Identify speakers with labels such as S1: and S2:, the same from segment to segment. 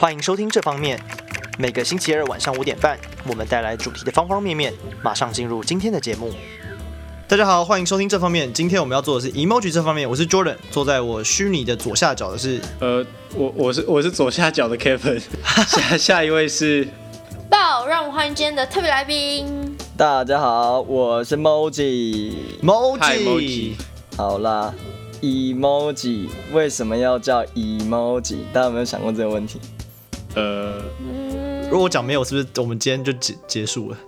S1: 歡迎收聽這方面，每個星期二晚上五點半，我們帶來主題的方方面面。馬上進入今天的節目。大家好，歡迎收聽這方面。今天我們要做的是 emoji 這方面，我是 Jordan，坐在我虛擬的左下角的是，呃，我我是我是左下角的 Kevin，下 下一位是，
S2: 好，讓我歡迎今天的特別來賓。
S3: 大家好，我是 Moji，Moji。好啦，emoji 為什麼要叫 emoji？大家有沒有想過這個問題？
S1: 呃，如果我講沒有，是不是我們今天就結結
S3: 束了？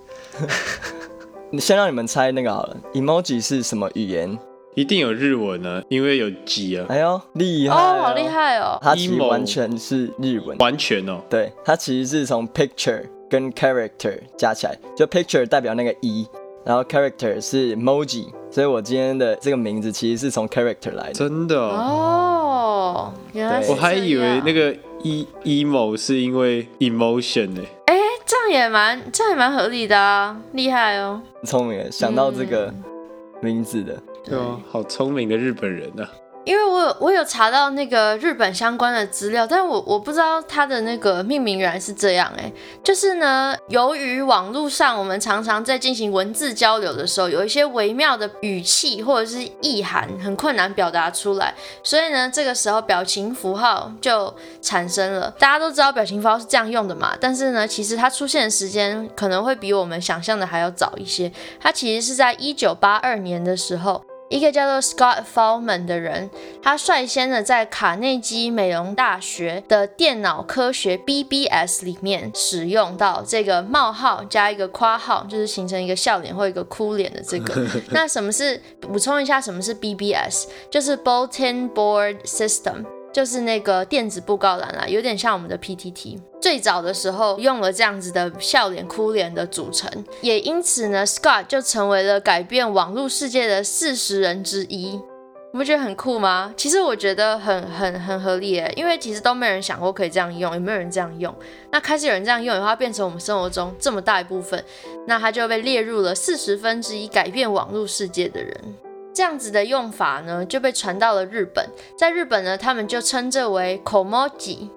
S3: 你 先讓你們猜那個好了，emoji 是什麼語言？一定有日文呢、啊，因為有 G 啊。哎呦，厲害哦，好厲害哦，它其實完全是日文，Emo、完全哦。對，它其實是從 picture 跟 character 加起來，就 picture 代表那個一、e,，然後 character 是 moji，所以我今天的這個名
S4: 字其實是從 character 來的。真的哦，oh, 原來我還以為那個。E emo 是因為 emotion 哎、
S2: 欸，哎、欸，這樣也蠻，這樣也蠻合理的啊，厲害哦，
S3: 聰明想到這個名字的，對、嗯、哦、嗯，
S4: 好聰明的日本人吶、啊。
S2: 因為我有我有查到那個日本相關的資料，但是我我不知道它的那個命名原來是這樣哎、欸，就是呢，由於網絡上我們常常在進行文字交流的時候，有一些微妙的語氣或者是意涵很困難表達出來，所以呢，這個時候表情符號就產生了。大家都知道表情符號是這樣用的嘛，但是呢，其實它出現的時間可能會比我們想象的還要早一些。它其實是在一九八二年的時候。一個叫做 Scott Fahlman 的人，他率先的在卡內基美容大學的電腦科學 BBS 裡面使用到這個冒號加一個括號，就是形成一個笑臉或一個哭臉的這個。 那什麼是補充一下？什麼是 BBS？就是 Bulletin Board System。就是那個電子布告欄啦、啊，有點像我們的 P T T。最早的時候用了這樣子的笑臉、哭臉的組成，也因此呢，Scott 就成為了改變網絡世界的四十人之一。你不覺得很酷嗎？其實我覺得很、很、很合理誒、欸，因為其實都沒人想過可以這樣用，也沒人這樣用。那開始有人這樣用以後，變成我們生活中這麼大一部分，那他就被列入了四十分之一改變網絡世界的人。這樣子的用法呢，就被傳到了日本。在日本呢，他們就稱這為 Komoji。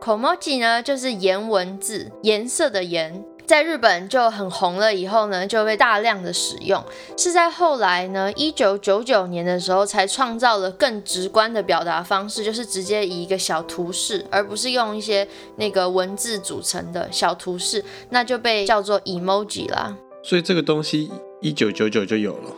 S2: Komoji 呢，就是顏文字，顏色的顏。在日本就很紅了，以後呢，就被大量的使用。是在後來呢，一九九九年的時候，才創造了更直觀的表達方式，就是直接以一個小圖示，而不是用一些那個文字組成的小圖示，那就被叫做 emoji 啦。
S4: 所以這個東西一九九九就有了。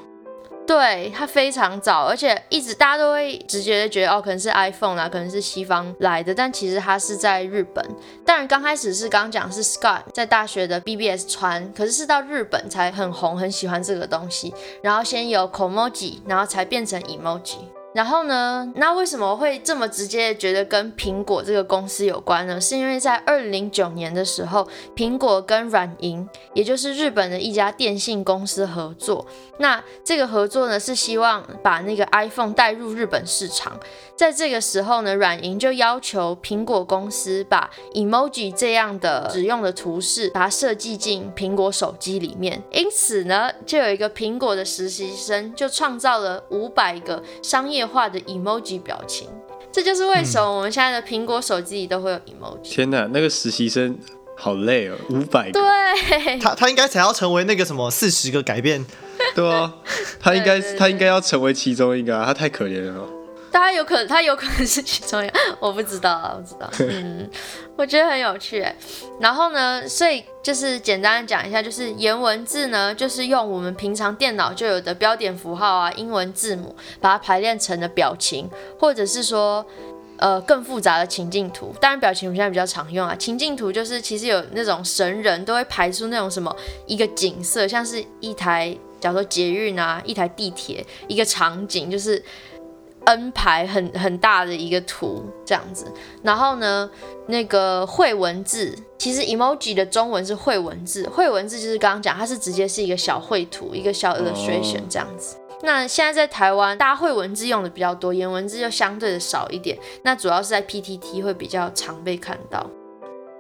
S2: 對，它非常早，而且一直大家都會直覺的覺得，哦，可能是 iPhone 啦，可能是西方來的，但其實它是在日本。當然，剛開始是剛講是 Scott 在大學的 BBS 傳，可是是到日本才很紅，很喜歡這個東西。然後先有 kaomoji，然後才變成 emoji。然後呢，那為什麼會這麼直接覺得跟蘋果這個公司有關呢？是因為在二零零九年的時候，蘋果跟軟銀，也就是日本的一家電信公司合作。那這個合作呢，是希望把那個 iPhone 帶入日本市場。在這個時候呢，軟銀就要求蘋果公司把 emoji 這樣的使用的圖示，把它設計進蘋果手機裡面。因此呢，就有一個蘋果的實習生就創造了五百個商業化的 emoji 表情。這就是為什麼我們現在的蘋果手機裡都會有 emoji。
S4: 嗯，天哪！那個實習生好累哦，喔，五百個。
S2: 對，他
S4: 他應該才要成為那個什麼四十個改變， 對啊，他應該他應該要成為其中一個啊，他太可憐了。
S2: 他有可，他有可能是其中一，我不知道啊，不知道啊。嗯，我覺得很有趣欸。然後呢，所以就是簡單講一下，就是顏文字呢，就是用我們平常電腦就有的標點符號啊、英文字母，把它排列成的表情，或者是說，呃，更複雜的情境圖。當然，表情我們現在比較常用啊。情境圖就是其實有那種神人都會排出那種什麼一個景色，像是一台，假如說捷運啊，一台地鐵，一個場景就是。N 排很很大的一個圖這樣子，然後呢，那個繪文字其實 emoji 的中文是繪文字，繪文字就是剛剛講，它是直接是一個小繪圖，一個小 illustration 這樣子，哦。那現在在台灣，大家繪文字用的比較多，顏文字就相對的少一點。那主要是在 PTT 會比較常被看到。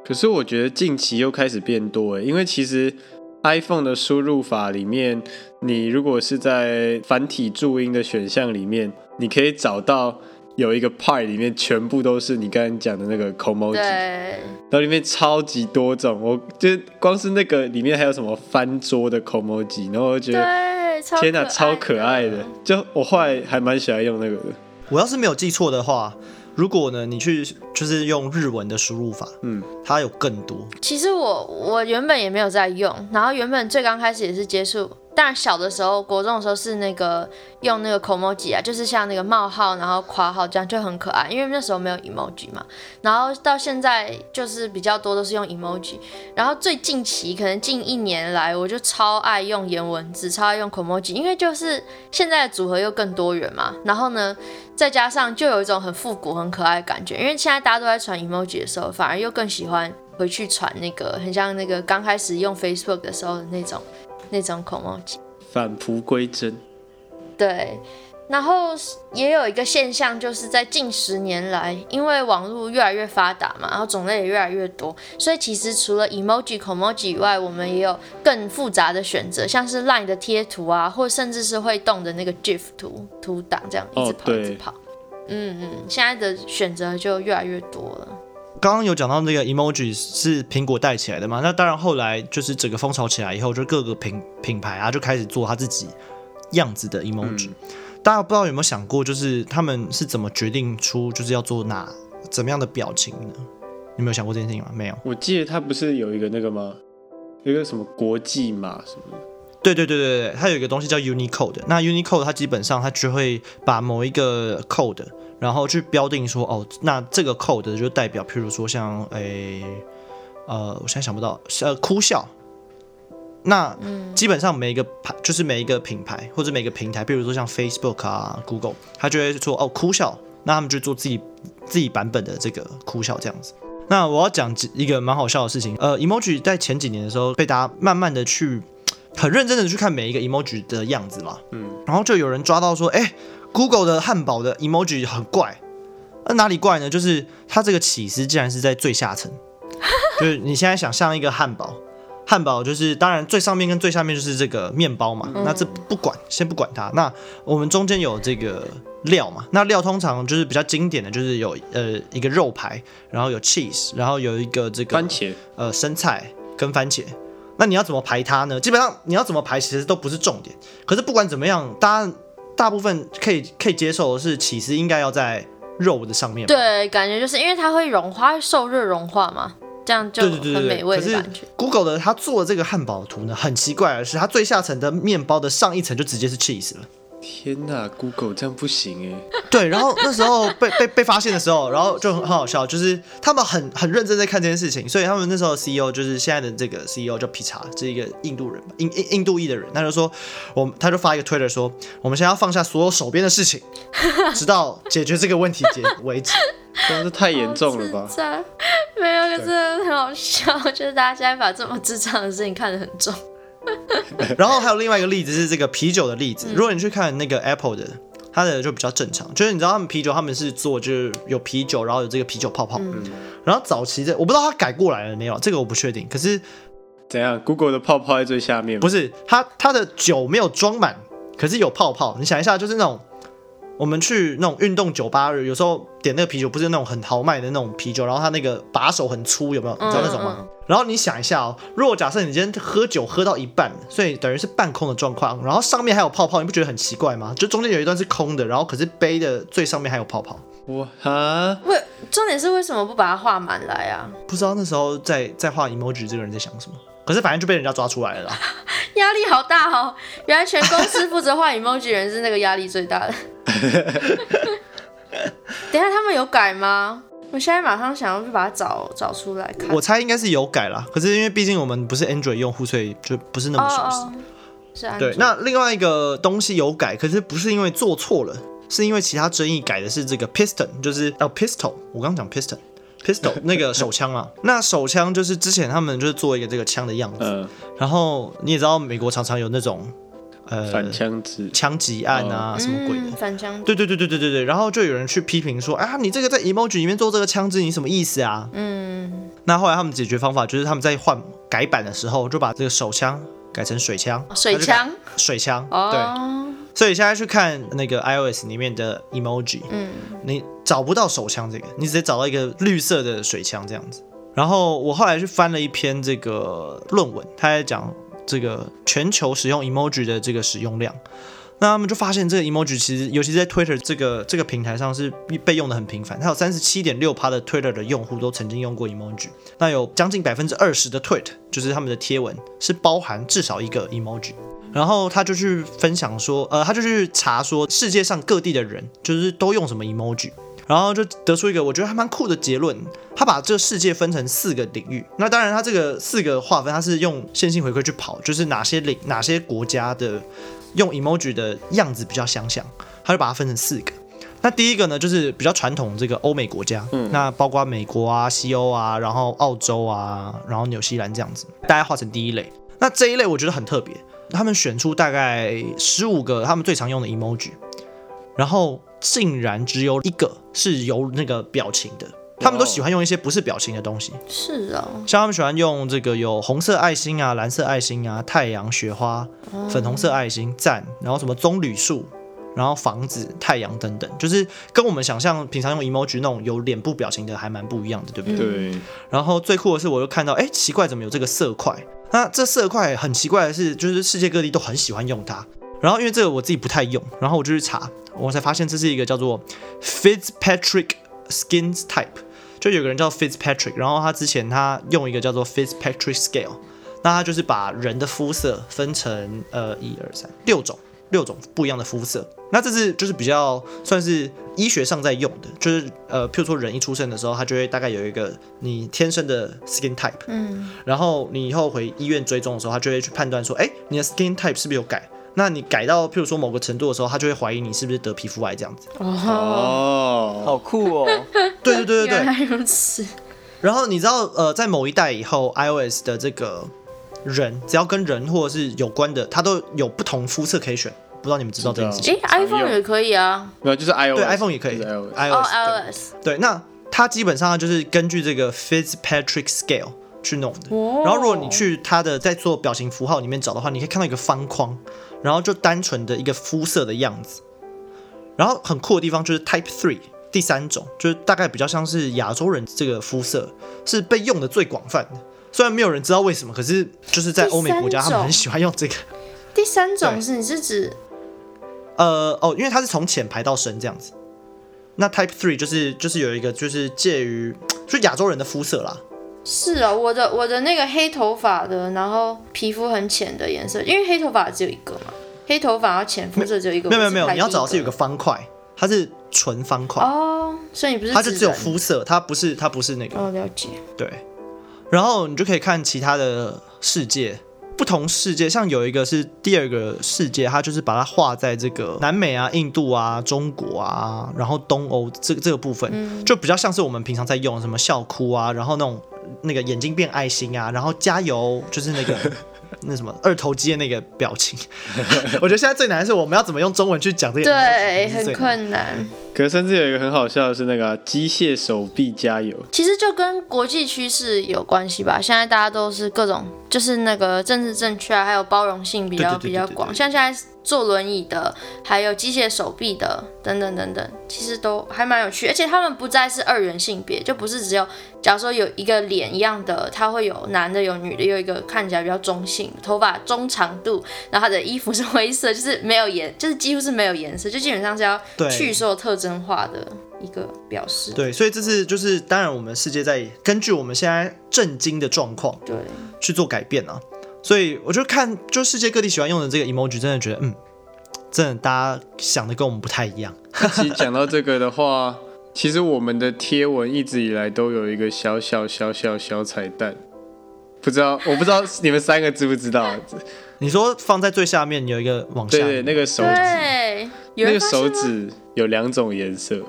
S4: 可是我覺得近期又開始變多哎，因為其實 iPhone 的輸入法裡面，你如果是在繁體注音的選項裡面。你可以找到有一個派裡面全部都是你剛才講的那個 kaomoji，
S2: 然
S4: 後裡面超級多種，我就光是那個裡面還有什麼翻桌的 kaomoji，然後我覺得天哪，超可愛的，就我後來還蠻喜歡用那個的。我要是沒有記錯的話，如果呢你去就是用日
S1: 文的輸入法，嗯，它有更多。
S2: 其實我我原本也沒有在用，然後原本最剛開始也是接觸。當然，小的時候，國中的時候是那個用那個 kaomoji 啊，就是像那個冒號，然後括號這樣，就很可愛。因為那時候沒有 emoji 嘛，然後到現在就是比較多都是用 emoji。然後最近期，可能近一年來，我就超愛用顏文字，超愛用 kaomoji，因為就是現在的組合又更多元嘛。然後呢，再加上就有一種很復古、很可愛的感覺。因為現在大家都在傳 emoji 的時候，反而又更喜歡回去傳那個很像那個剛開始用 Facebook 的時候的那種。那種 kaomoji
S4: 返璞歸真。
S2: 對，然後也有一個現象，就是在近十年來，因為網絡越來越發達嘛，然後種類也越來越多，所以其實除了 emoji、kaomoji 以外，我們也有更複雜的選擇，像是 line 的貼圖啊，或甚至是會動的那個 GIF 圖圖檔，這樣一
S4: 直跑一直跑。嗯、
S2: oh、嗯，現在的選擇就越來越多了。
S1: 剛剛有講到那個 emoji 是蘋果帶起來的嘛？那當然，後來就是整個風潮起來以後，就各個品品牌啊就開始做他自己樣子的 emoji。嗯、大家不知道有沒有想過，就是他們是怎麼決定出，就是要做哪怎麼樣的表情呢？有沒有想過這件事情嗎？沒有。
S4: 我記得他不是有一個那個嗎？有一個什麼國際碼什麼的。
S1: 對對對對對，它有一個東西叫 Unicode。那 Unicode 它基本上它就會把某一個 code，然後去標定說，哦，那這個 code 就代表，譬如說像，哎，呃，我現在想不到，呃，哭笑。那，基本上每一個牌，就是每一個品牌或者每一個平台，譬如說像 Facebook 啊、Google，它就會說，哦，哭笑，那他們就做自己自己版本的這個哭笑這樣子。那我要講一個蠻好笑的事情，呃，Emoji 在前幾年的時候被大家慢慢的去。很認真的去看每一個 emoji 的樣子嘛，嗯，然後就有人抓到說，哎、欸、，Google 的漢堡的 emoji 很怪。那、啊、哪裡怪呢？就是它這個起司竟然是在最下層。 就是你現在想像一個漢堡，漢堡就是當然最上面跟最下面就是這個麵包嘛、嗯，那這不管，先不管它。那我們中間有這個料嘛，那料通常就是比較經典的就是有呃一個肉排，然後有 cheese，然後有一個這個番茄，呃生菜跟番茄。那你要怎麼排它呢？基本上你要怎麼排，其實都不是重點。可是不管怎麼樣，大家大部分可以可以接受的是起司應該要在肉的上面。對，
S2: 感覺就是因為它會融化，受熱融化嘛，這樣就很美味的感覺。對對對
S1: 對，Google 的它做了這個漢堡圖呢，很奇怪的是，它最下層的麵包的上一層就直接是 cheese 了。天吶，Google 這樣不行哎、欸。對，然後那時候被被被發現的時候，然後就很好笑，就是他們很很認真在看這件事情，所以他們那時候的 CEO 就是現在的這個 CEO 叫皮 a 是一個印度人，印印印度裔的人，他就說，我們他就發一個推特說，我們現在要放下所有手邊的事情，直到解決這個問題解為止。 真的是太嚴重了吧？
S2: 沒有，真的很好笑，就是大家現在把這麼智障的事情看得很重。
S1: 然後還有另外一個例子是這個啤酒的例子，嗯。如果你去看那個 Apple 的，它的就比較正常，就是你知道他們啤酒，他們是做就是有啤酒，然後有這個啤酒泡泡。嗯。然後早期的我不知道他改過來了沒有，這個我不確定。可是怎樣？Google 的泡泡在最下面？不是，它它的酒沒有裝滿，可是有泡泡。你想一下，就是那種。我們去那種運動酒吧日，有時候點那個啤酒不是那種很豪邁的那種啤酒，然後它那個把手很粗，有沒有？你知道那種嗎？嗯嗯。然後你想一下哦，如果假設你今天喝酒喝到一半，所以等於是半空的狀況，然後上面還有泡泡，你不覺得很奇怪嗎？就中間有一段是空的，然後可是杯的最上面還有泡泡，哇！
S2: 喂，重點是為什麼不把它畫滿來啊？
S1: 不知道那時候在在畫 emoji 這個人在想什麼。可是反正就被人家抓出來了，
S2: 壓力好大哦。原來全公司負責畫 emoji 人是那個壓力最大的
S4: 。
S2: 等一下他們有改嗎？我現在馬上想要去把它找找出來看。我
S1: 猜應該是有改啦，可是因為畢竟我們不是 Android 用戶，所以就不是那麼熟悉，oh, oh,。是
S2: Android。對，那
S1: 另外一個東西有改，可是不是因為做錯了，是因為其他爭議改的是這個 Piston，就是要，oh, Pistol。我剛剛講 Piston。Pistol 那個手槍啊， 那手槍就是之前他們就是做一個這個槍的樣子、呃，然後你也知道美國常常有那種呃槍支槍擊案啊、嗯、什麼鬼
S2: 的
S1: 對對對對對對對，然後就有人去批評說啊，你這個在 emoji 裡面做這個槍支，你什麼意思啊？嗯，那後來他們解決方法就是他們在換改版的時候就把這個手槍改成水槍，水槍水槍、哦，對。所以現在去看那個 iOS 裡面的 Emoji，嗯，你找不到手槍這個，你直接找到一個綠色的水槍這樣子。然後我後來去翻了一篇這個論文，他在講這個全球使用 Emoji 的這個使用量。那他們就發現這個 Emoji 其實，尤其在 Twitter 這個這個平台上是被用的很頻繁。它有三十七點六趴的 Twitter 的用戶都曾經用過 Emoji。那有將近百分之二十的 Tweet，就是他們的貼文，是包含至少一個 Emoji。然後他就去分享說，呃，他就去查說世界上各地的人就是都用什麼 emoji，然後就得出一個我覺得還蠻酷的結論。他把這個世界分成四個領域。那當然，他這個四個劃分他是用線性回歸去跑，就是哪些領哪些國家的用 emoji 的樣子比較相像，像，他就把它分成四個。那第一個呢，就是比較傳統這個歐美國家，嗯，那包括美國啊、西歐啊，然後澳洲啊，然後紐西蘭這樣子，大概劃成第一類。那這一類我覺得很特別。他們選出大概十五個他們最常用的 emoji，然後竟然只有一個是有那個表情的。Wow. 他們都喜歡用一些不是表情的東西。是啊，像他們喜歡用這個有紅色愛心啊、藍色愛心啊、太陽、雪花、嗯、粉紅色愛心讚，然後什麼棕櫚樹、然後房子、太陽等等，就是跟我們想象平常用 emoji 那種有臉部表情的還蠻不一樣的，對不對？對。然後最酷的是，我又看到，哎，奇怪，怎麼有這個色塊？那這色塊很奇怪的是，就是世界各地都很喜歡用它。然後因為這個我自己不太用，然後我就去查，我才發現這是一個叫做 Fitzpatrick skins type，就有個人叫 Fitzpatrick，然後他之前他用一個叫做 Fitzpatrick scale，那他就是把人的膚色分成呃一二三六種。六種不一樣的膚色，那這是就是比較算是醫學上在用的，就是呃，譬如說人一出生的時候，他就會大概有一個你天生的 skin type，嗯，然後你以後回醫院追蹤的時候，他就會去判斷說，哎、欸，你的 skin type 是不是有改？那你改到譬如說某個程度的時候，他就會懷疑你是不是得皮膚癌這樣子。哦
S2: ，oh,
S1: 好酷哦！ 對對對對對，原來如此。然後你知道呃，在某一代以後，iOS 的這個人只要跟人或者是有關的，它都有不同膚色可以選。不知道你們知道這件事情？哎，嗯哦，iPhone 也
S2: 可以啊。
S1: 沒有，no, 就是 iOS，對，iPhone 也可以。就是
S2: IOS, IOS, oh, iOS。對，對
S1: 那它基本上就是根據這個 Fitzpatrick Scale 去弄的，
S3: 哦。然後如果你去
S1: 它的在做表情符號裡面找的話，你可以看到一個方框，然後就單純的一個膚色的樣子。然後很酷的地方就是 Type Three，第三種就是大概比較像是亞洲人這個膚色是被用的最廣泛的。雖然沒有人知道為什麼，可是就是在歐美國家，他們很喜歡用這個。
S2: 第三種是你是指，
S1: 呃，哦，因為它是從淺排到深這樣子。那 Type Three 就是就是有一個就是介於就亞洲人的膚色啦。
S2: 是啊、哦，我的我的那個黑頭髮的，然後皮膚很淺的顏色，因為黑頭髮只有一個嘛，黑頭髮和淺膚色只有一個。沒有沒有沒有，你要找的是有一
S1: 個方塊，它是純方塊
S2: 哦，所以你不是，它是只有膚
S1: 色，它不是它不是那個哦，了解，對。然後你就可以看其他的世界，不同世界，像有一個是第二個世界，它就是把它畫在這個南美啊、印度啊、中國啊，然後東歐這個這個部分、嗯，就比較像是我們平常在用什麼笑哭啊，然後那種那個眼睛變愛心啊，然後加油就是那個。 那什麼二頭肌的那個表情， 我覺得現在最難的是我們要怎麼用中文去講這個，對，對，很
S2: 困難。
S4: 可是甚至有一個很好笑的是那個啊、機械手臂加油，
S2: 其實就跟國際趨勢有關係吧。現在大家都是各種，就是那個政治正確啊，還有包容性比較對對對對對對比較廣，像現在。坐輪椅的，還有機械手臂的，等等等等，其實都還蠻有趣。而且他們不再是二元性別，就不是只有，假如說有一個臉一樣的，他會有男的，有女的，又一個看起來比較中性，頭髮中長度，然後他的衣服是灰色，就是沒有顏，就是幾乎是沒有顏色，就基本上是要去受特徵化的一個表
S1: 示。對，對，所以這是就是當然，我們世界在根據我們現在震驚的狀況，對，去做改變啊。所以我就看，就世界各地喜歡用的這個 emoji，真的覺得，嗯，真的大家想的跟我們不太一樣。
S4: 講到這個的話， 其實我們的貼文一直以來都有一個小，小小小小小彩蛋，不知道，我不知道你們三個知不知道、啊？ 你說放在最下面有一個往下，對對，那個手
S2: 指，那個手
S4: 指有兩種顏色，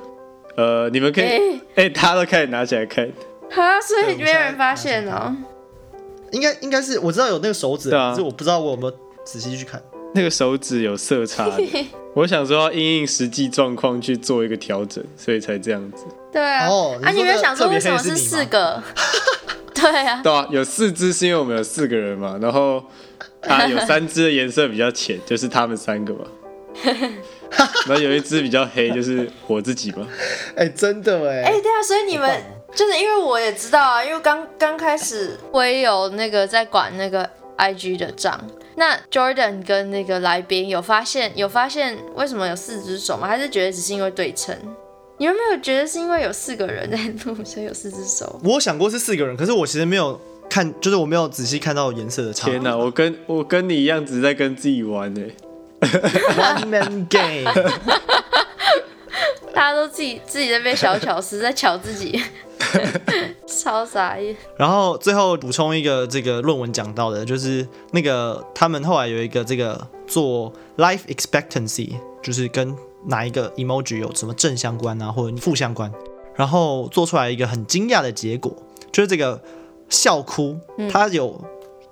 S4: 呃，你們可以，哎、欸，大家、欸、都可以拿起來看，
S2: 哈，所以沒人發現哦。應該應該是
S4: 我知道有那個手指，對啊。可是我不知道我有
S1: 沒有仔細去
S4: 看那個手指有色差。 我想說要因應實際狀況去做一個調整，所以才這樣子。 對啊，哦、啊，你有沒有想說為什麼是四
S2: 個、啊？對啊，對
S4: 啊，有四隻是因為我們有四個人嘛。然後啊，有三隻的顏色比較淺， 就是他們三個嘛。 然後有一隻比較黑，就是我自己嘛。哎、 欸，真的哎。哎、欸，
S2: 對啊，所以你們。就是因為我也知道啊，因為剛剛開始我也有那個在管那個 I G 的賬，那 Jordan 跟那個來賓有發現有發現為什麼有四隻手嗎？還是覺得只是因為對稱？你有沒有覺得是因為有四個人在錄，所以有四隻手？
S1: 我想過是四個人，可是我其實沒有看，就是我沒有仔細看到顏色的差。天啊，
S4: 我跟我跟你一樣，只在跟自己玩呢，欸。 One man game，
S2: 大家都自己自己在被小巧思，在喬自己。瀟 灑
S1: 然後最後補充一個，這個論文講到的，就是那個他們後來有一個這個做 life expectancy，就是跟哪一個 emoji 有什麼正相關啊，或者負相關，然後做出來一個很驚訝的結果，就是這個笑哭，嗯、它有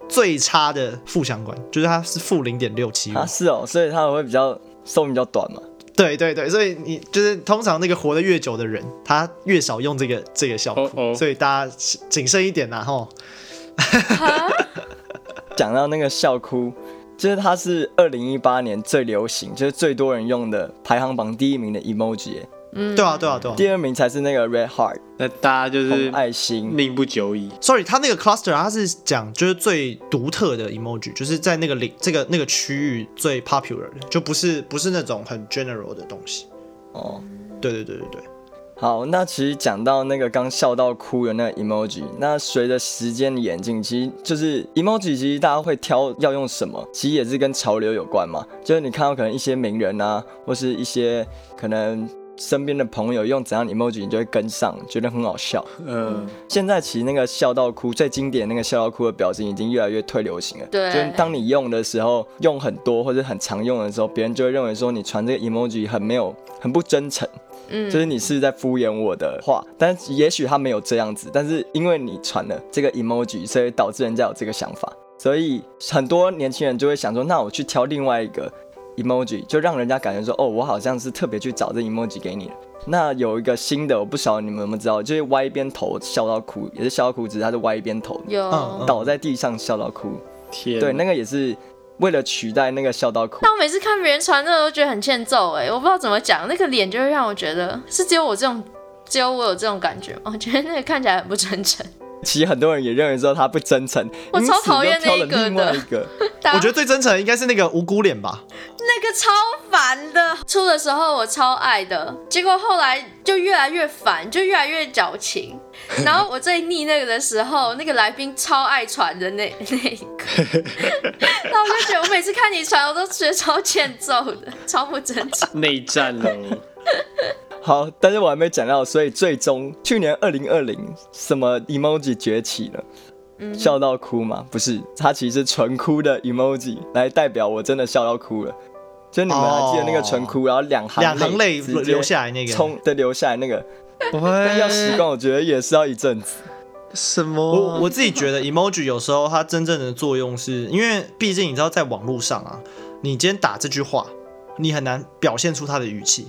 S1: 最差的負相關，就是它是負零點六七。啊，是哦？所以他會比較壽命比較短嘛。對對對，所以你就是通常那個活得越久的人，他越少用這個這個笑哭，oh, oh. 所以大家謹慎一點哈、啊、吼， huh? 講到那個笑哭，就
S3: 是它是二零一八年最流行，就是最多人用的排行榜第一名的 emoji。
S1: 嗯、啊，對啊，對啊，對
S3: 啊。第二名才是那個 Red Heart，那大家就是愛心，命
S4: 不久矣。
S1: Sorry，他那個 Cluster，他是講就是最獨特的 emoji，就是在那個領這個那個區域最 popular 的，就不是不是那種很 general 的東西。
S3: 哦，對對對對，對。好，那其實講到那個剛笑到哭的那個 emoji，那隨着時間的演進，其實就是 emoji，其實大家會挑要用什麼，其實也是跟潮流有關嘛。就是你看到可能一些名人啊，或是一些可能。身邊的朋友用怎樣的 emoji，你就會跟上，覺得很好笑。嗯，現在其實那個笑到哭最經典的那個笑到哭的表情，已經越來越退流行了。對，就是當你用的時候，用很多或者很常用的時候，別人就會認為說你傳這個 emoji 很沒有、很不真誠，嗯，就是你是在敷衍我的話。但也許他沒有這樣子，但是因為你傳了這個 emoji，所以導致人家有這個想法。所以很多年輕人就會想說，那我去挑另外一個。emoji 就讓人家感覺說，哦，我好像是特別去找這 emoji 給你的。那有一個新的，我不曉得你們有沒有知道，就是歪一邊頭笑到哭，也是笑到哭，只是他是歪一邊頭，有倒在地上笑到哭。天，對，那個也是為了取代那個笑到哭。
S2: 但我每次看別人傳的，我都覺得很欠揍哎、欸，我不知道怎麼講，那個臉就會讓我覺得是只有我這種，只有我有這種感覺嗎？我覺得那個看起來很不真誠。
S3: 其實很多人也認為說他不真誠，我超討厭那一個的。我覺得最真誠的
S1: 應該是那個無辜臉吧，
S2: 那個超煩的。出的時候我超愛的，結果後來就越來越煩，就越來越矯情。然後我最膩那個的時候， 那個來賓超愛傳的那那一個，那 我就覺得我每次看你傳，我都覺得超欠揍的，超不真誠。
S4: 內 戰了。
S3: 好，但是我還沒講到，所以最終去年二零二零什麼 emoji 崛起了，嗯、笑到哭嘛？不是，它其實是純哭的 emoji 來代表我真的笑到哭了。就你們還記得那個純哭、哦，然後兩行兩行淚流下來那個，衝的流下來那個。
S1: 不會但要習慣，
S3: 我覺得也是要一陣子。
S1: 什麼？我我自己覺得 emoji 有時候它真正的作用是，是因為畢竟你知道在網絡上啊，你今天打這句話，你很難表現出它的語氣。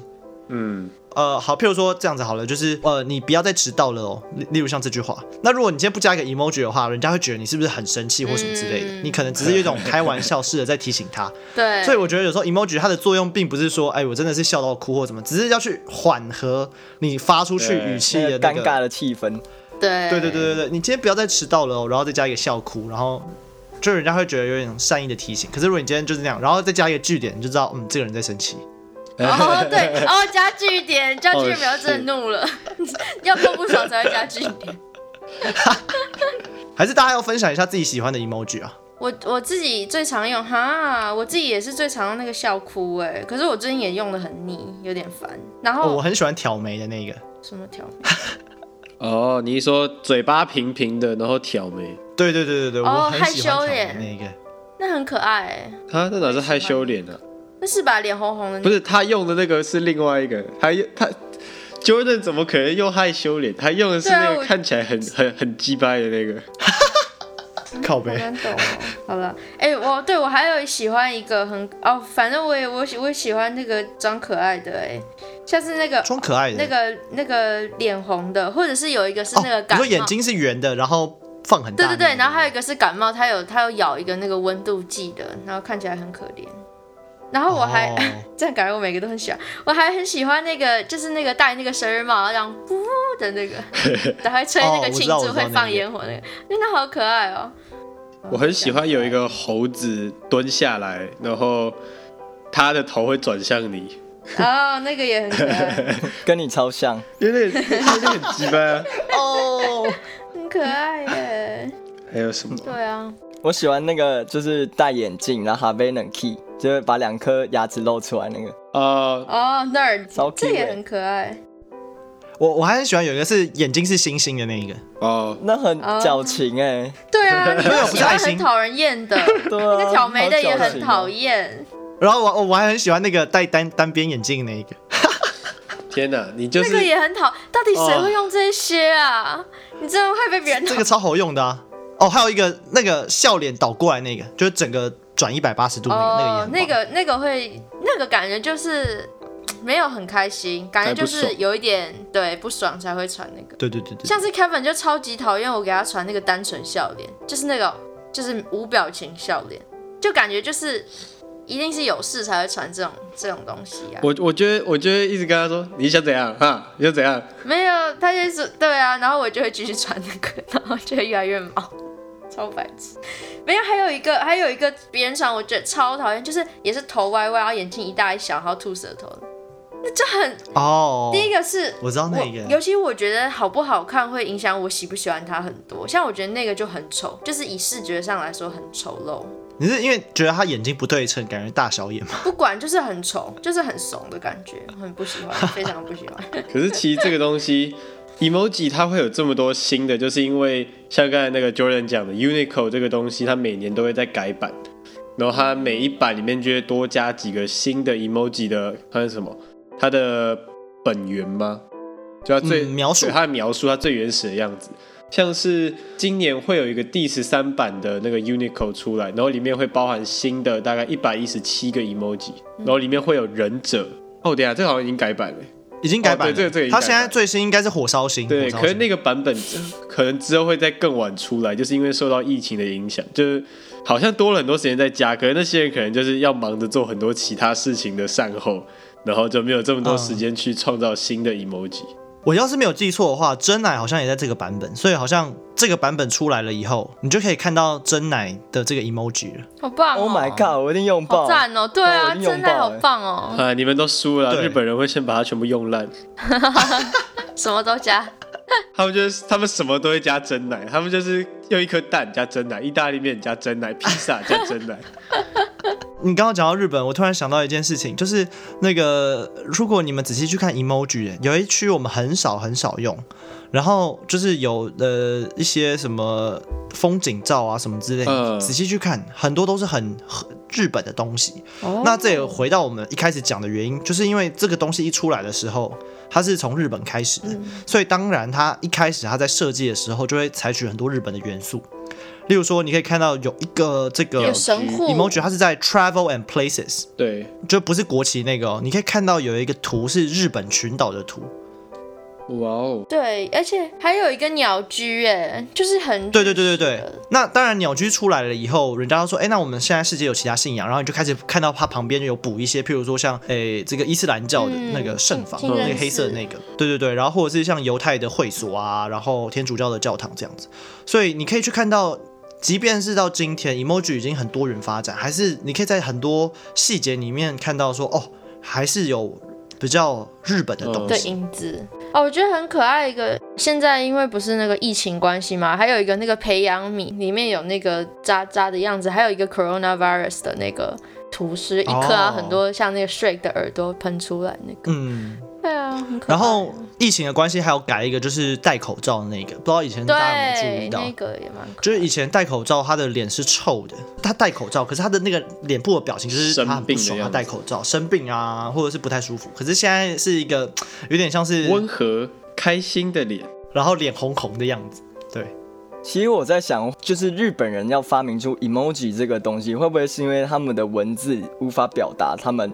S1: 嗯。呃，好，譬如說這樣子好了，就是呃，你不要再遲到了哦。例例如像這句話，那如果你今天不加一個 emoji 的話，人家會覺得你是不是很生氣或什麼之類的。嗯。你可能只是一種開玩笑式的在提醒他。 對。所以我覺得有時候 emoji 它的作用並不是說，哎、欸，我真的是笑到我哭或怎麼，只是要去緩和你發出去語氣的那個、尷尬的氣氛。
S2: 對對對對
S1: 對對，你今天不要再遲到了哦，然後再加一個笑哭，然後就人家會覺得有點善意的提醒。可是如果你今天就是這樣，然後再加一個句點，你就知道，嗯，這個人在生氣。 哦，對，哦，
S2: 加句點，加句點，不要真的怒了， 要不不爽才會加句點。
S1: 還是大家要分享一下自己喜歡的 emoji 啊？我
S2: 我自己最常用哈，我自己也是最常用那個笑哭哎，可是我最近也用得很膩，有點煩。然後、哦、我很喜
S4: 歡挑眉的那個，
S2: 什麼挑眉？
S4: 哦，你是說嘴巴平平的，然後挑眉？對對對對對，哦、我很喜歡害羞臉。那個？
S2: 那很可愛
S4: 哎。啊，這哪是害羞臉了？
S2: 那是吧，臉紅紅的，那個。不
S4: 是他，用的那個是另外一個，他他 Jordan 怎麼可能用害羞臉？他用的是那個看起來很、啊、很很雞掰的那個。
S2: 靠北。難懂。好了，啊、哎、啊欸，我對我還有喜歡一個很、哦，反正我也我喜，我，我也喜歡那個裝可愛的哎、欸，像是那個裝可愛的、哦、那個那個臉紅的，或者是有一個是那個感冒、哦、眼睛
S1: 是圓的，然後放很大。對對對，
S2: 然後還有一個是感冒，他有他有咬一個那個溫度計的，然後看起來很可憐。然後我還、哦、這樣感覺，我每個都很喜歡。我還很喜歡那個，就是那個戴那個生日帽，然後噗的那個，打開吹那個氣球會放煙火，那個，哎、哦，真的好可愛哦。我很喜
S4: 歡有一個猴子蹲下來，然後他的頭會轉向你。
S2: 哦，那個也很可愛，
S4: 跟你超像，有
S2: 點那個很奇怪啊。 哦，很可愛耶。還有什麼？對啊。
S3: 我喜歡那個，就是戴眼鏡，然後還被冷 k，就是把兩顆牙齒露出來那個。啊
S2: 哦 nerd 這也很可愛。
S3: 我我
S1: 還很喜歡有一個是眼睛是星星的那一個。哦、uh,，那很矯情哎、欸。Uh, 對啊，你那個不是愛心，很
S2: 討人厭的。 對啊、那個挑眉的也很討厭。
S1: 啊、然後我我還很喜歡那個戴單單邊眼鏡的那一個。 天哪，你就是那個也
S2: 很討，到底誰會用這些啊？Oh, 你真的會被別人。這個
S1: 超好用的啊。啊哦，還有一個那個笑臉倒過來那個，就是整個轉一百八十度那個、oh, 那
S2: 個、那個、那個會那個感覺就是沒有很開心，感覺就是有一點不對不爽才會傳那個。對對對對。像是 Kevin 就超級討厭我給他傳那個單純笑臉，就是那個就是無表情笑臉，就感覺就是一定是有事才會傳這種這種東西啊。
S4: 我我覺得我覺得一直跟他說，你想怎樣啊，你想怎樣？
S2: 沒有，他就是對啊，然後我就會繼續傳那個，然後就越來越忙。超白痴，沒有，還有一個，還有一個邊上我覺得超討厭，就是也是頭歪歪，然後眼睛一大一小，然後吐舌頭，那就很
S1: 哦。Oh, 第一個
S2: 是，我知道那個，尤其我覺得好不好看會影響我喜不喜歡他很多。像我覺得那個就很醜，就是以視覺上來說很醜陋。
S1: 你是因為覺得他眼
S4: 睛不對稱，感覺大小眼嗎？
S2: 不管，就是很醜，就是很慫的感覺，很不喜歡，非常不喜歡。 可是其實這個
S4: 東西。 emoji 它會有這麼多新的，就是因為像剛才那個 Jordan 講的，Unicode 這個東西，它每年都會在改版，然後它每一版裡面就會多加幾個新的 emoji 的，它是什麼？它的本源嗎？就要最、嗯、描述，它的描述它最原始的樣子。像是今年會有一個第十三版的那個 Unicode 出來，然後裡面會包含新的大概一百一十七個 emoji，然後裡面會有忍者、嗯。哦，等下，這個、好像已經改版了。已經，哦，這個、這個已經改版了，他現在最新應該是火、火燒心，對，可是那個版本可能之後會再更晚出來，就是因為受到疫情的影響，就是好像多了很多時間在家，可是那些人可能就是要忙着做很多其他事情的善後，然後就沒有這麼多時間去創造新的 emoji。嗯
S1: 我要是沒有記錯的話，珍奶好像也在這個版本，所以好像這個版本出來了以後，你就可以看到珍奶的這個 emoji 了。
S3: 好棒、哦、！Oh my God！
S4: 我一定用爆！讚哦！對啊，真、哦、的好
S2: 棒哦！
S1: 啊、
S4: 你們都輸了，日本人會先把它全部用爛。
S2: 什麼都加。
S4: 他們就是他們什麼都會加珍奶，他們就是用一顆蛋加珍奶，意大利麵加珍奶，披薩加珍奶。
S1: 你剛剛講到日本，我突然想到一件事情，就是那個如果你們仔細去看 emoji，有一區我們很少很少用，然後就是有呃一些什麼風景照啊什麼之類，呃，仔細去看，很多都是很日本的東西，哦。那這也回到我們一開始講的原因，就是因為這個東西一出來的時候，它是從日本開始的，嗯，所以當然它一開始它在設計的時候就會採取很多日本的元素。例如說，你可以看到有一個這個 emoji，它、嗯、是在 travel and places，對，就不是國旗那個、哦。你可以看到有一個圖是日本群島的圖，哇、wow、哦，
S2: 對，而且還有一個鳥居，耶，就是很
S1: 對對對對對。那當然，鳥居出來了以後，人家都說，哎、欸，那我們現在世界有其他信仰，然後你就開始看到它旁邊就有補一些，譬如說像哎、欸、這個伊斯蘭教的那個聖房、嗯，那個黑色的那個，對對對，然後或者是像猶太的會所啊，然後天主教的教堂這樣子，所以你可以去看到。即便是到今天，emoji 已經很多元發展，還是你可以在很多細節裡面看到說，哦，還是有比較日本的東西。嗯、對，
S2: 哦，我覺得很可愛。一個現在因為不是那個疫情關係嘛，還有一個那個培養皿裡面有那個渣渣的樣子，還有一個 coronavirus 的那個圖示一顆啊，哦、也很多像那個 Shrek 的耳朵噴出來那個。嗯。對啊，很可怕的。然後
S1: 疫情的關係還有改一個，就是戴口罩的那個，不知道以前大家有沒有注意到？那個
S2: 也蠻可怕。就
S1: 是以前戴口罩，他的臉是臭的，他戴口罩，可是他的那個臉部的表情就是他很生病的。他戴口罩生病啊，或者是不太舒服。可是現在是一個有點像是溫和、開心的臉，然後臉紅紅的樣子。對，
S3: 其實我在想，就是日本人要發明出 emoji 這個東西，會不會是因為他們的文字無法表達他們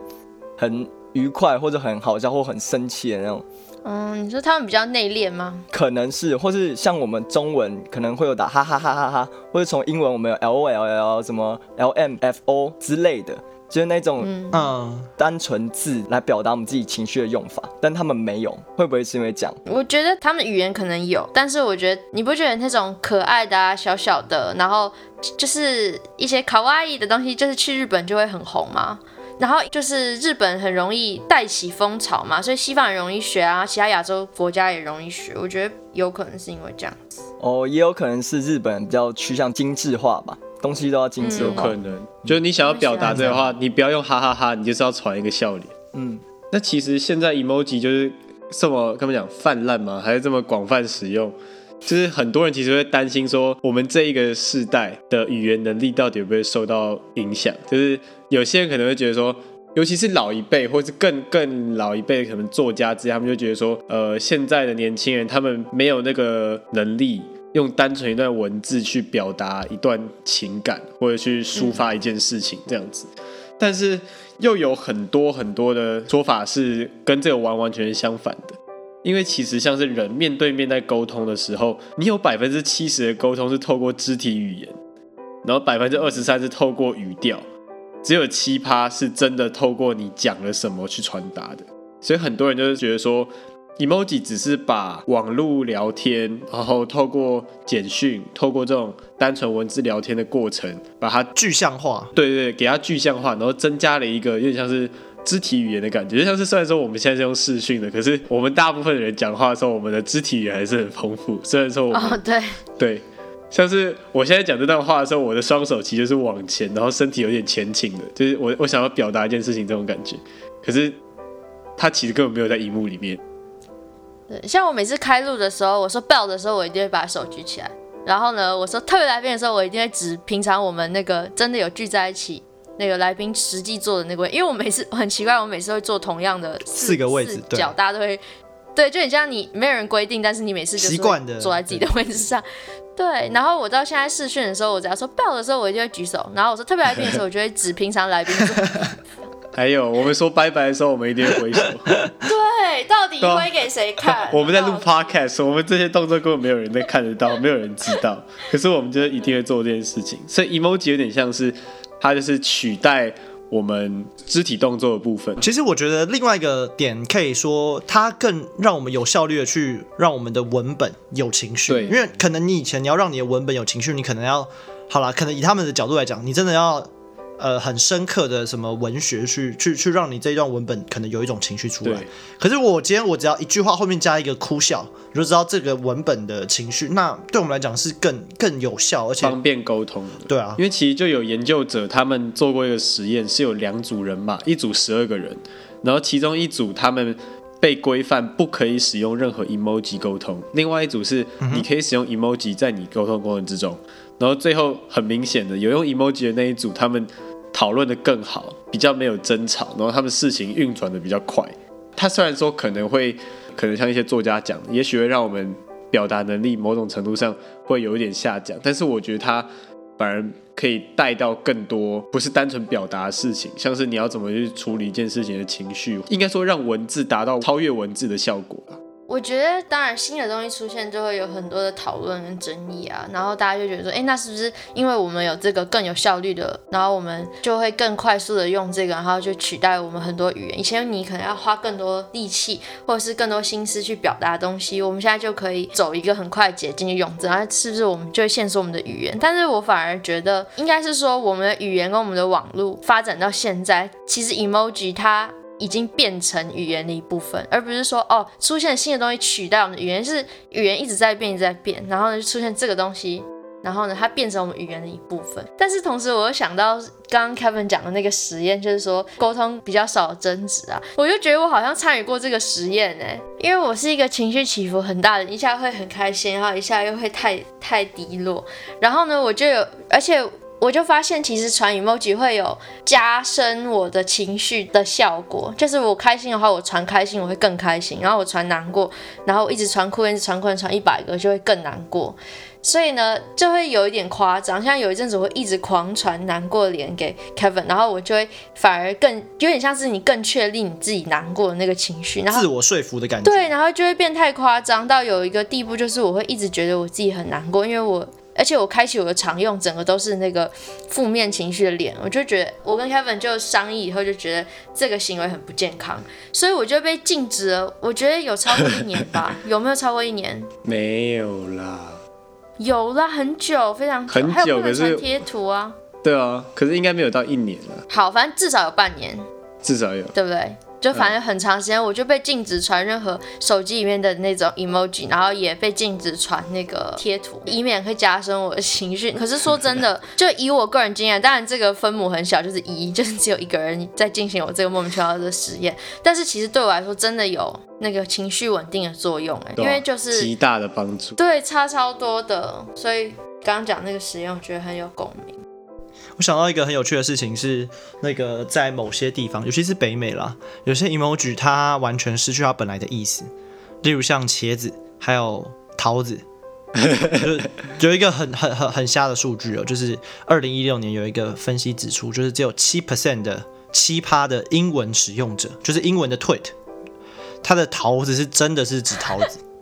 S3: 很。愉快，或者很好笑，或者很生氣的那種。嗯，
S2: 你說他們比較內斂嗎？
S3: 可能是，或是像我們中文可能會有打哈哈哈哈哈，或者從英文我們有 L O L L 什麼 L M F O 之類的，就是那種嗯、uh, 單純字來表達我們自己情緒的用法。但他們沒有，會不會是因為這樣？
S2: 我覺得他們語言可能有，但是我覺得你不覺得那種可愛的啊、小小的，然後就是一些卡哇伊的東西，就是去日本就會很紅嗎？然後就是日本很容易帶起風潮嘛，所以西方人容易學啊，其他亞洲國家也容易學。我覺得有可能是因為這樣子
S3: 哦，也有可能是日本比較趨向精致化吧，東西都要精緻、嗯。有可能、嗯，就是你
S4: 想要表達這個話、嗯，你不要用哈哈哈，哈，你就是要傳一個笑臉。嗯，那其實現在 emoji 就是這麼跟他們講氾濫嗎？還是這麼廣泛使用？就是很多人其實會擔心說，我們這一個世代的語言能力到底會不會受到影響？就是有些人可能會覺得說，尤其是老一輩或者是更更老一輩的可能作家之間，他們就覺得說，呃，現在的年輕人他們沒有那個能力用單純一段文字去表達一段情感或者去抒發一件事情這樣子。但是又有很多很多的說法是跟這個完完全全相反的。因為其實像是人面對面在溝通的時候，你有百分之七十的溝通是透過肢體語言，然後百分之二十三是透過語調，只有七趴是真的透過你講了什麼去傳達的。所以很多人就是覺得說，emoji 只是把網絡聊天，然後透過簡訊，透過這種單純文字聊天的過程，把它具象化，對對，對，給它具象化，然後增加了一個有點像是。肢體語言的感覺，就像是雖然說我們現在是用視訊的，可是我們大部分人講話的時候，我們的肢體語言還是很豐富。雖然說哦，對對，像是我現在講這段話的時候，我的雙手其實是往前，然後身體有點前傾的，就是我我想要表達一件事情這種感覺。可是他其實根本沒有在熒幕裡面。
S2: 對，像我每次開錄的時候，我說 “Belle” 的時候，我一定會把手舉起來。然後呢，我說“特別來賓”的時候，我一定會指。平常我們那個真的有聚在一起。那個來賓實際坐的那個位，因為我每次很奇怪，我每次會坐同樣的四,四個位置，對，大家都會對，就很像你沒有人規定，但是你每次習慣的坐在自己的位置上對，對。然後我到現在視訊的時候，我只要說不要的時候，我一定會舉手，然後我說特別來賓的時候，我就會指平常來賓。
S4: 還有我們說拜拜的時候，我們一定會揮手。
S2: 對，到底揮給誰看？
S4: 我們在錄 podcast， 我們這些動作根本沒有人再看得到，沒有人知道。 可是我們就是一定會做這件事情，所以 emoji 有點像是。它就是取代我們肢體動作的部分。其實我覺得另外一個點可以說，它
S1: 更讓我們有效率的去讓我們的文本有情緒。對，因為可能你以前你要讓你的文本有情緒，你可能要好啦，可能以他們的角度來講，你真的要。呃，很深刻的什麼文學去，去去去，讓你這一段文本可能有一種情緒出來。對。可是我今天我只要一句話後面加一個哭笑，你就知道這個文本的情緒。那對我們來講是更更有效，而且方
S4: 便溝通。對啊。因為其實就有研究者他們做過一個實驗，是有兩組人嘛，一組十二個人，然後其中一組他們被規範不可以使用任何 emoji 溝通，另外一組是你可以使用 emoji 在你溝通過程之中。嗯然後最後很明顯的，有用 emoji 的那一組，他們討論的更好，比較沒有爭吵，然後他們事情運轉的比較快。他雖然說可能會，可能像一些作家講的，也許會讓我們表達能力某種程度上會有一點下降，但是我覺得他反而可以帶到更多不是單純表達的事情，像是你要怎麼去處理一件事情的情緒，應該說讓文字達到超越文字的效果。
S2: 我覺得，當然新的東西出現就會有很多的討論跟爭議啊，然後大家就覺得說，誒，那是不是因為我們有這個更有效率的，然後我們就會更快速的用這個，然後就取代我們很多語言。以前你可能要花更多力氣或者是更多心思去表達東西，我們現在就可以走一個很快捷進去用，這樣是不是我們就會限制我們的語言？但是我反而覺得，應該是說我們的語言跟我們的網絡發展到現在，其實 emoji 它。已經變成語言的一部分，而不是說哦，出現新的東西取代我們的語言，是語言一直在變，一直在變，然後呢，就出現這個東西，然後呢，它變成我們語言的一部分。但是同時我又想到剛剛 Kevin 講的那個實驗，就是說溝通比較少的爭執啊，我就覺得我好像參與過這個實驗呢、欸，因為我是一個情緒起伏很大的，一下會很開心，然後一下又會太太低落，然後呢我就有，而且。我就發現，其實傳 emoji 會有加深我的情緒的效果。就是我開心的話，我傳開心，我會更開心；然後我傳難過，然後我一直傳哭，一直傳困，傳一百個就會更難過。所以呢，就會有一點誇張。像有一陣子我會一直狂傳難過臉給 Kevin，然後我就會反而更有點像是你更確立你自己難過的那個情緒，然後自我
S1: 說服的感覺。對，
S2: 然後就會變太誇張到有一個地步，就是我會一直覺得我自己很難過，因為我。而且我開啟我的常用，整個都是那個負面情緒的臉，我就覺得我跟 Kevin 就商議以後，就覺得這個行為很不健康，所以我就被禁止了。我覺得有超過一年吧， 有沒有超過一年？
S4: 沒有啦，
S2: 有啦，很久，非常久。很久，還有不能貼圖啊，
S4: 對啊，可是應該沒有到一年了。
S2: 好，反正至少有半年，
S4: 至少有，
S2: 對不對？就反正很長時間，我就被禁止傳任何手機裡面的那種 emoji、嗯、然後也被禁止傳那個貼圖，嗯、以免會加深我的情緒。嗯、可是說真的、嗯，就以我個人經驗，當然這個分母很小，就是一，就是只有一個人在進行我這個莫名其妙的實驗。嗯、但是其實對我來說，真的有那個情緒穩定的作用，
S1: 哎、
S4: 啊，因為就是極大的幫助，對
S2: 差超多的。所以剛剛講那個實驗，我覺得很有共鳴。
S1: 我想到一個很有趣的事情是，那個在某些地方，尤其是北美啦，有些 emoji 它完全失去它本來的意思。例如像茄子，還有桃子，有 有一個很很很很瞎的數據哦，就是二零一六年有一個分析指出，就是只有七 percent 的奇葩的英文使用者，就是英文的 tweet，它的桃子是真的是指桃子。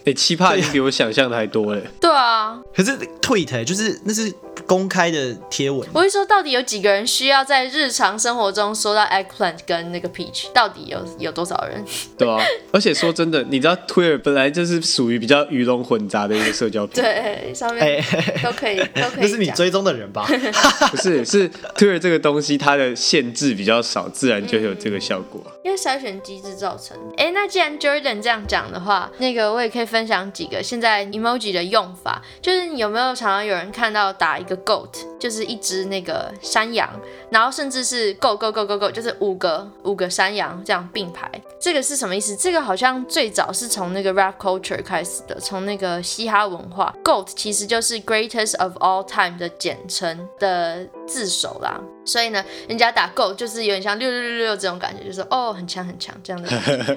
S1: 期、欸、奇葩經比我
S4: 想象的還多了。
S2: 對啊，
S1: 可是 Twitter 就是那是公開的貼文。我
S2: 會說到底有幾個人需要在日常生活中說到 eggplant 跟那個 peach，到底有有多少人？
S4: 對啊， 而且說真的，你知道 Twitter 本來就是屬於比較魚龍混雜的一個社交平台，對，
S2: 上面都可以，欸、都可以。這是你追蹤的人吧？ 不
S4: 是，是 Twitter 這個東西它的限制比較少，自然就有這個效果，
S2: 嗯、因為篩選機制造成的。哎、欸，那既然 Jordan 這樣講的話，那個我也可以。分。分享幾個現在 emoji 的用法，就是你有沒有常常有人看到打一個 goat，就是一隻那個山羊，然後甚至是 go go go go go，, go 就是五個五個山羊這樣並排，這個是什麼意思？這個好像最早是從那個 rap culture 開始的，從那個嘻哈文化。goat 其實就是 greatest of all time 的簡稱的字首啦。所以呢，人家打 GOAT 就是有點像六六六六這種感覺，就是哦，很強很強這樣的。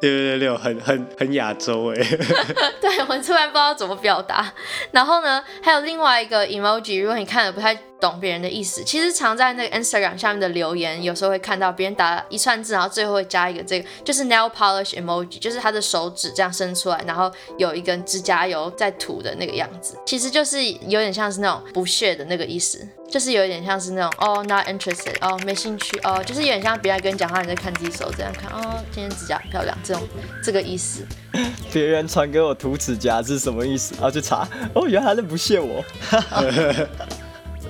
S4: 六六六六，很很很亞洲哎。
S2: 對，我突然不知道怎麼表達。然後呢，還有另外一個 emoji，如果你看的不太懂別人的意思，其實藏在那個 Instagram 下面的留言，有時候會看到別人打一串字，然後最後會加一個這個，就是 nail polish emoji，就是他的手指這樣伸出來，然後有一根指甲油在塗的那個樣子，其實就是有點像是那種不屑的那個意思，就是有點像是那種哦 not interested，哦沒興趣哦，就是有點像別人跟你講話你在看自己手這樣看哦，今天指甲漂亮這種這個意思。
S3: 別人傳給我塗指甲是什麼意思？然後就查哦，原來是不屑我。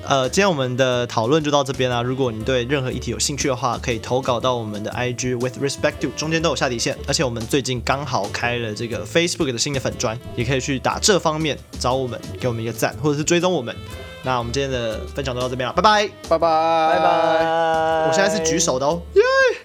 S1: 呃，今天我們的討論就到這邊啦，啊。如果你對任何議題有興趣的話，可以投稿到我們的 IG with respect to，中間都有下底線。而且我們最近剛好開了這個 Facebook 的新的粉專，也可以去打這方面找我們，給我們一個讚，或者是追蹤我們。那我們今天的分享就到這邊了，拜拜拜拜拜拜。我現在是舉手的哦。Yeah!